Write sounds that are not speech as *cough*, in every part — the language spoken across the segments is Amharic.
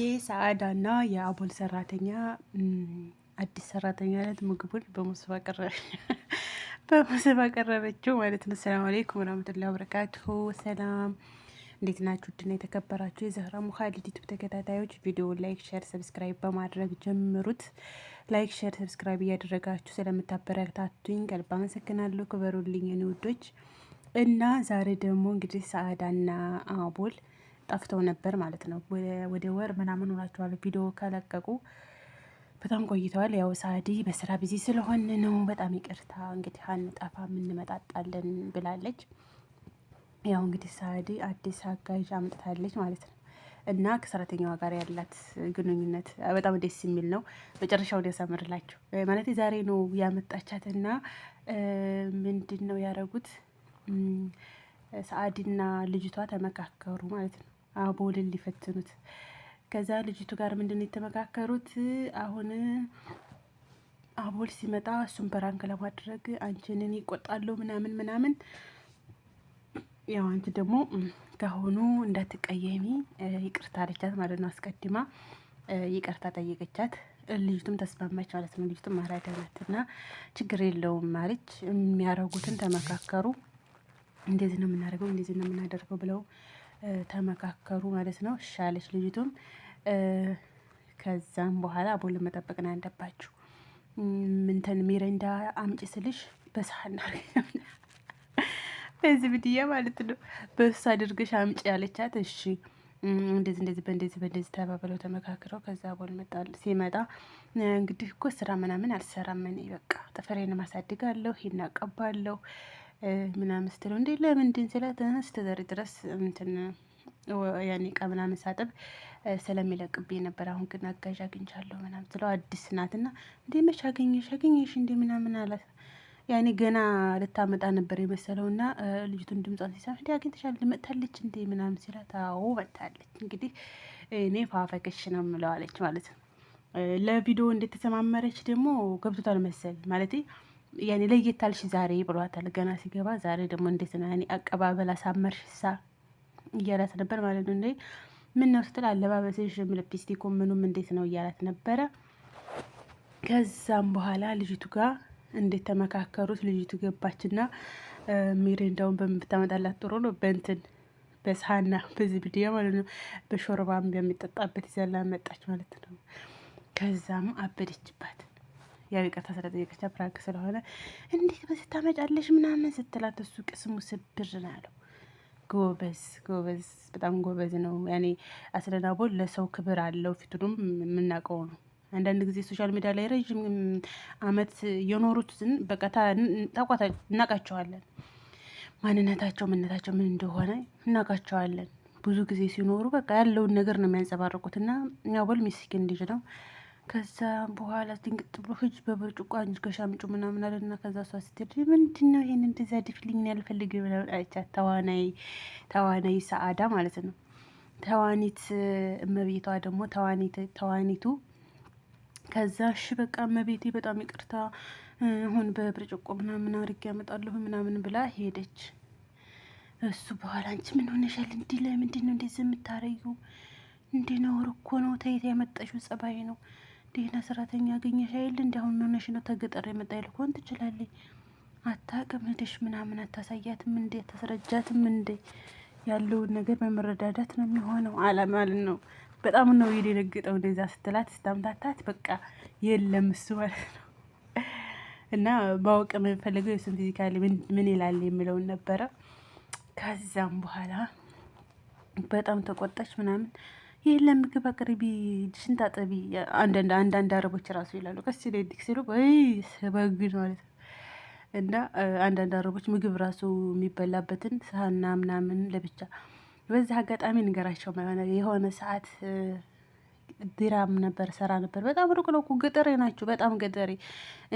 የሰአዳና የአቦል ሰራተኛ አዲስ ሰራተኛ ዕለት ምግቡን *laughs* በሙስብ አቀረበችው ማለት ነው። ሰላም አሌይኩም ረመቱላ ወበረካቱሁ። ሰላም እንዴት ናችሁ? ድና የተከበራችሁ የዘህራ ሙካሊድ ዩቱብ ተከታታዮች ቪዲዮውን ላይክ፣ ሸር፣ ሰብስክራይብ በማድረግ ጀምሩት። ላይክ፣ ሸር፣ ሰብስክራይብ እያደረጋችሁ ስለምታበረታቱኝ ከልብ አመሰግናለሁ። ክበሩልኝ ውዶች። እና ዛሬ ደግሞ እንግዲህ ሰአዳና አቦል ጠፍተው ነበር ማለት ነው። ወደ ወር ምናምን ሆናቸዋል ቪዲዮ ከለቀቁ በጣም ቆይተዋል። ያው ሳዲ በስራ ቢዚ ስለሆን ነው። በጣም ይቅርታ እንግዲህ አንጠፋ እንመጣጣለን ብላለች። ያው እንግዲህ ሳዲ አዲስ አጋዥ አምጥታለች ማለት ነው። እና ከሰራተኛዋ ጋር ያላት ግንኙነት በጣም ደስ የሚል ነው። መጨረሻውን ያሳምርላችሁ ማለት ዛሬ ነው ያመጣቻትና ምንድን ነው ያደረጉት ሰአዲና ልጅቷ ተመካከሩ ማለት ነው። አቦልን ሊፈትኑት። ከዛ ልጅቱ ጋር ምንድን የተመካከሩት? አሁን አቦል ሲመጣ እሱን በራንክ ለማድረግ አንቺንን ይቆጣሉ ምናምን ምናምን፣ ያው አንቺ ደግሞ ከሆኑ እንዳትቀየሚ ይቅርታ አለቻት ማለት ነው። አስቀድማ ይቅርታ ጠየቀቻት። ልጅቱም ተስማማች ማለት ነው። ልጅቱም አራዳናት እና ችግር የለውም ማለች። የሚያረጉትን ተመካከሩ። እንደዚህ ነው የምናደርገው፣ እንደዚህ ነው የምናደርገው ብለው ተመካከሩ ማለት ነው። እሻለች ልጅቱም። ከዛም በኋላ አቦ ለመጠበቅ ነው ያለባችሁ። ምንተን ሚረንዳ አምጪ ስልሽ በሳህን *laughs* በዚህ ብድያ ማለት ነው። በሱ አድርገሽ አምጪ ያለቻት። እሺ እንደዚህ እንደዚህ በእንደዚህ በእንደዚህ ተባብለው ተመካክረው ከዛ ቦል መጣል ሲመጣ እንግዲህ እኮ ስራ ምናምን አልሰራም እኔ በቃ ጥፍሬን ማሳድጋለሁ፣ ሂና ቀባለሁ ምናምን ስትለው እንዴ ለምንድን ስላት እስከዛሬ ድረስ እንትን ያኔ እቃ ምናምን ሳጥብ ስለሚለቅብኝ ነበር። አሁን ግን አጋዥ አግኝቻለሁ ምናምን ስለው አዲስ ናትና እንዴ መች አገኘሽ አገኘሽ እንዴ ምናምን አላት። ያኔ ገና ልታመጣ ነበር የመሰለውና ልጅቱን ድምጿን ሲሰማ እንዴ አግኝተሻል መጥታለች እንዴ ምናምን ሲላት አዎ መጥታለች። እንግዲህ እኔ ፋፈክሽ ነው ምለዋለች አለች ማለት ነው። ለቪዲዮ እንደተሰማመረች ደግሞ ገብቶታል መሰል ማለቴ ያኔ ለየታልሽ ዛሬ ብሏታል። ገና ሲገባ ዛሬ ደግሞ እንዴት ነው ያኔ አቀባበል አሳመርሽ ሳ እያላት ነበር ማለት ነው። እንዴ ምን ነው ስትል አለባበስሽ፣ ልፕስቲኩ፣ ምኑም እንዴት ነው እያላት ነበረ። ከዛም በኋላ ልጅቱ ጋር እንዴት ተመካከሩት። ልጅቱ ገባችና ሚሪንዳውን በምታመጣላት ጥሩ ነው በእንትን በሳህና በዚህ ቪዲዮ ማለት ነው። በሾርባም በሚጠጣበት ይዘላ መጣች ማለት ነው። ከዛም አበደችባት። ያው ይቅርታ ስለጠየቀች ፕራንክ ስለሆነ እንዴት በዚህ ታመጫለሽ ምናምን ስትላት እሱ ቅስሙ ስብር ነው ያለው። ጎበዝ ጎበዝ፣ በጣም ጎበዝ ነው። ያኔ አስለናቦል ለሰው ክብር አለው። ፊቱንም የምናውቀው ነው። አንዳንድ ጊዜ ሶሻል ሚዲያ ላይ ረዥም አመት የኖሩትን በቀታ ታቋታ እናውቃቸዋለን። ማንነታቸው ምንነታቸው ምን እንደሆነ እናውቃቸዋለን። ብዙ ጊዜ ሲኖሩ በቃ ያለውን ነገር ነው የሚያንጸባርቁት። እና ናቦል ሚስኪን ልጅ ነው። ከዛ በኋላ ድንግጥ ብሎ ህጅ በብርጭቆ ገሻ ምጩ ምናምን አለና ከዛ እሷ ስትሄድ ምንድን ነው ይሄን እንደዛ ድፍልኝ ያልፈልግ ምናምን አለቻት። ተዋናይ ተዋናይ ሰአዳ ማለት ነው። ተዋኒት እመቤቷ ደግሞ ተዋኒቱ ከዛ እሺ በቃ እመቤቴ በጣም ይቅርታ አሁን በብርጭቆ ምናምን አድርጌ ያመጣለሁ ምናምን ብላ ሄደች። እሱ በኋላ አንቺ ምን ሆነሻል? እንዲ ለምንድን ነው እንደዚህ የምታረዩ? እንዲህ ነውር እኮ ነው። ተይት ያመጣሽው ጸባይ ነው ደህና ሰራተኛ አገኘሽ አይል እንዲ አሁን ሆነሽ ነው ተገጠር የመጣ ይልኮን ትችላለኝ አታቅም ሄደሽ ምናምን አታሳያትም እንዴ አታስረጃትም እንዴ ያለውን ነገር በመረዳዳት ነው የሚሆነው አለ ማለት ነው። በጣም ነው የደነገጠው እንደዛ ስትላት ስታምታታት በቃ የለም እሱ ማለት ነው። እና ባወቅ የምንፈልገው የሱን ፊዚካሊ ምን ይላል የሚለውን ነበረ። ከዛም በኋላ በጣም ተቆጣች ምናምን ይህን ለምግብ አቅርቢ፣ ድሽን ታጠቢ። አንዳንድ አረቦች ራሱ ይላሉ ቀስ ዲክ ሲሉ ሰበግን ማለት ነው። እና አንዳንድ አረቦች ምግብ ራሱ የሚበላበትን ሳህና ምናምን ለብቻ በዚህ አጋጣሚ ንገራቸው የሆነ ሰዓት ድራም ነበር ሰራ ነበር። በጣም ሩቅ ነው እኮ ገጠሬ ናቸው። በጣም ገጠሬ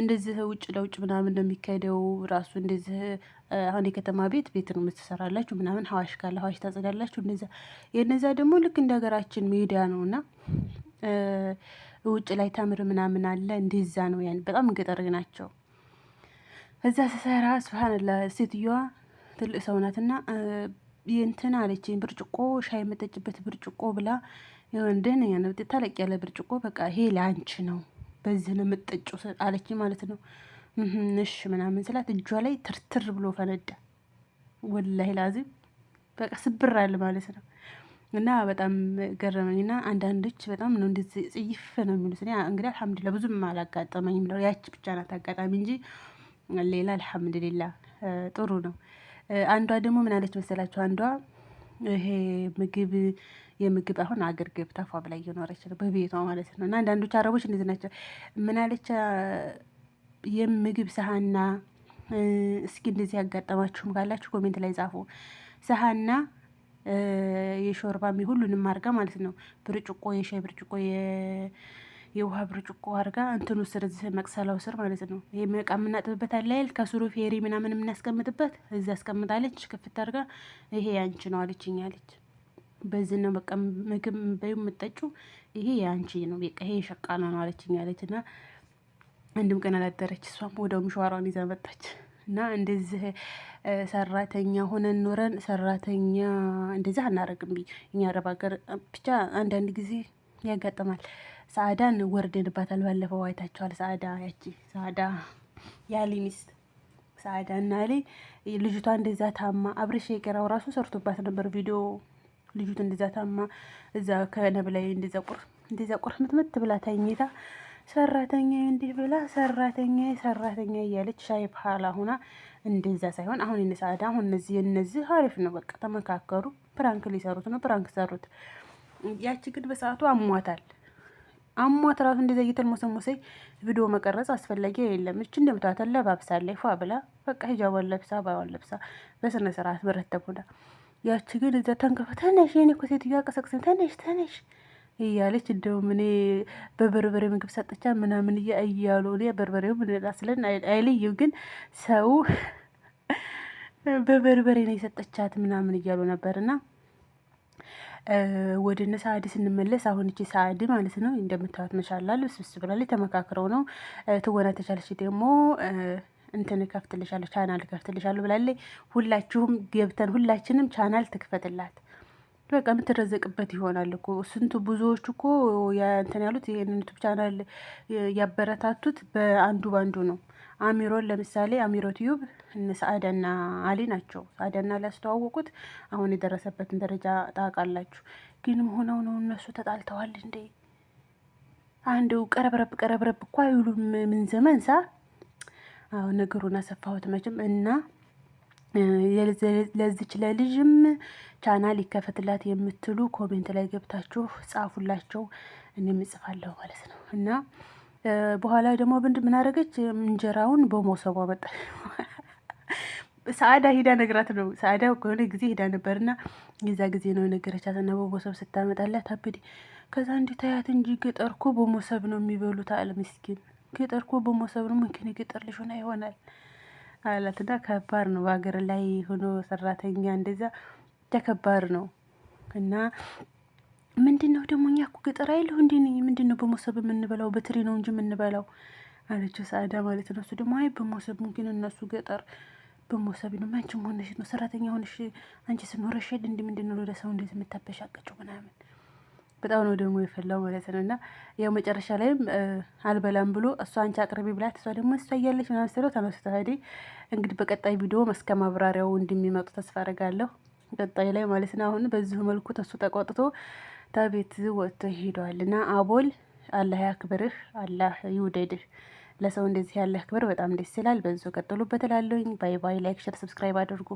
እንደዚህ ውጭ ለውጭ ምናምን ነው የሚካሄደው። ራሱ እንደዚህ አሁን የከተማ ቤት ቤት ነው የምትሰራላችሁ ምናምን፣ ሀዋሽ ካለ ሀዋሽ ታጸዳላችሁ። እንደዚ የነዛ ደግሞ ልክ እንደ ሀገራችን ሜዳ ነው እና ውጭ ላይ ተምር ምናምን አለ እንደዛ ነው። ያን በጣም ገጠሬ ናቸው። እዛ ስሰራ ስብሀንላ ሴትዮዋ ትልቅ ሰው ናትና እንትን አለችኝ ብርጭቆ ሻይ የምጠጭበት ብርጭቆ ብላ እንደን ያነብጥ ተለቅ ያለ ብርጭቆ በቃ ይሄ ለአንቺ ነው፣ በዚህ ነው የምጠጪው አለችኝ ማለት ነው። እሺ ምናምን ስላት እጇ ላይ ትርትር ብሎ ፈነዳ። ወላሂ ላዚም በቃ ስብር አለ ማለት ነው። እና በጣም ገረመኝ። እና አንዳንዶች በጣም ነው እንደዚህ ጽይፍ ነው የሚሉት። እንግዲህ አልሐምዱሊላህ ብዙም አላጋጠመኝ። ነው ያቺ ብቻ ናት አጋጣሚ እንጂ ሌላ አልሐምዱሊላህ ጥሩ ነው። አንዷ ደግሞ ምን አለች መሰላችሁ? አንዷ ይሄ ምግብ የምግብ አሁን አገር ገብታ ፏ ብላ እየኖረች ነው በቤቷ ማለት ነው። እና አንዳንዶች አረቦች እንደዚህ ናቸው። ምን አለች? የምግብ ሰሀና እስኪ እንደዚህ ያጋጠማችሁም ካላችሁ ኮሜንት ላይ ጻፉ። ሰሀና የሾርባ ሁሉንም አድርጋ ማለት ነው ብርጭቆ፣ የሻይ ብርጭቆ የውሃ ብርጭቆ አድርጋ እንትኑ ስር መቅሰላው ስር ማለት ነው። ይሄ እቃ የምናጥብበት አለ ከስሩ ፌሪ ምናምን የምናስቀምጥበት እዚህ አስቀምጣለች። ክፍት አድርጋ ይሄ ያንቺ ነው አለችኝ አለች። በዚህ ነው በቃ ምግብ በዩ የምጠጩ ይሄ ያንቺ ነው በቃ ይሄ ሸቃና ነው አለችኝ አለች። እና አንድም ቀን አላደረች እሷም ወደው ሸዋሯን ይዛ መጣች። እና እንደዚህ ሰራተኛ ሆነን ኖረን ሰራተኛ እንደዚህ አናረግም። እኛ አረብ ሀገር ብቻ አንዳንድ ጊዜ ያጋጥማል። ሰአዳን ወርደንባታል። ባለፈው አይታችኋል። ሰአዳ ያቺ ሰአዳ ያሊ ሚስት ሰአዳ እና ያሊ ልጅቷ እንደዛ ታማ አብረሽ የቀራው ራሱ ሰርቶባት ነበር ቪዲዮ ልጅቱ እንደዛ ታማ እዛ ከነብላይ እንደዛ ቁር እንደዛ ቁር ምትምት ብላ ተኝታ ሰራተኛ እንዲህ ብላ ሰራተኛ ሰራተኛ እያለች ሻይ በኋላ ሁና እንደዛ ሳይሆን አሁን እነ የነሳዳ አሁን እነዚህ እነዚህ አሪፍ ነው። በቃ ተመካከሩ። ፕራንክ ሊሰሩት ነው። ፕራንክ ሰሩት። ያቺ ግን በሰዓቱ አሟታል። አሟት ራሱ እንደዚያ እየተልሞሰሞሰ ቪዲዮ መቀረጽ አስፈላጊ የለም። እች እንደምታተ ለባብሳለች ፏ ብላ በቃ ሂጃቧን ለብሳ ባዋን ለብሳ በስነ ስርዓት በረተቡና ያቺ ግን እዛ ተንከፈ ተነሽ የኔ እኮ ሴትዮዋ ቀሰቅሰኝ ተነሽ ተነሽ እያለች እንደውም እኔ በበርበሬ ምግብ ሰጥቻ ምናምን እያሉ እኔ በርበሬው ምን ላስለን አይለይም፣ ግን ሰው በበርበሬ ነው የሰጠቻት ምናምን እያሉ ነበር እና ወደ እነ ሳዕድ ስንመለስ አሁን እቺ ሳዕድ ማለት ነው እንደምታዩት መሻላል ልብስብስ ብላለች። ተመካክረው ነው ትወና ተቻለች ደግሞ እንትን እከፍትልሻለሁ ቻናል እከፍትልሻለሁ ብላለች። ሁላችሁም ገብተን ሁላችንም ቻናል ትክፈትላት በቃ የምትረዘቅበት ይሆናል እኮ ስንቱ ብዙዎች እኮ እንትን ያሉት ይህንን ዩቱብ ቻናል ያበረታቱት በአንዱ ባንዱ ነው። አሚሮን ለምሳሌ አሚሮ ቲዩብ እነ ሰአዳና አሊ ናቸው። ሰአዳና አሊ ያስተዋወቁት አሁን የደረሰበትን ደረጃ ታውቃላችሁ። ግን መሆነው ነው እነሱ ተጣልተዋል እንዴ? አንድ ቀረብረብ ቀረብረብ እኳ አይሉም። ምን ዘመን ሳ ነገሩን አሰፋሁት መቼም እና ለዚች ለልጅም ቻናል ይከፈትላት የምትሉ ኮሜንት ላይ ገብታችሁ ጻፉላቸው። እኔም እጽፋለሁ ማለት ነው እና በኋላ ደግሞ ብንድ ምን አደረገች? እንጀራውን በሞሰቧ መጣች። ሰአዳ ሂዳ ነግራት ነው። ሰአዳ ከሆነ ጊዜ ሂዳ ነበርና የዛ ጊዜ ነው የነገረቻት እና በሞሰብ ስታመጣላት አብዲ ከዛ እንዲ ታያት እንጂ ገጠር እኮ በሞሰብ ነው የሚበሉት አለ ምስኪን። ገጠር እኮ በሞሰብ ነው ምክን የገጠር ልጅ ሆና ይሆናል አላትና ከባድ ነው በሀገር ላይ ሆኖ ሰራተኛ እንደዛ ተከባድ ነው እና ምንድን ነው ደግሞ እኛ እኮ ገጠር አይለሁ እንዲ ምንድን ነው በሞሰብ የምንበላው በትሪ ነው እንጂ የምንበላው አለችው ሰአዳ ማለት ነው። እሱ ደግሞ አይ በሞሰብ ግን እነሱ ገጠር በሞሰብ ነው። አንቺም ሆነሽ ነው ሰራተኛ ሆነሽ አንቺ ስኖረሽ ሄድ እንዲ ምንድን ነው ወደ ሰው እንዴት የምታበሻቀችው ምናምን በጣም ነው ደግሞ የፈላው ማለት ነው። እና ያው መጨረሻ ላይም አልበላም ብሎ እሷ አንቺ አቅርቢ ብላት እሷ ደግሞ እሷ እያለች ምናምን ስለው ተመስተ እንግዲህ በቀጣይ ቪዲዮ እስከ ማብራሪያው እንደሚመጡ ተስፋ አደርጋለሁ። ቀጣይ ላይ ማለት ነው። አሁን በዚሁ መልኩ ተሱ ተቆጥቶ ተቤት ወጥቶ ሄዷል እና አቦል አላህ ያክብርህ፣ አላህ ይውደድህ። ለሰው እንደዚህ ያለህ ክብር በጣም ደስ ይላል። በዚሁ ቀጥሉበት እላለሁኝ። ባይ ባይ። ላይክ፣ ሸር፣ ሰብስክራይብ አድርጉ።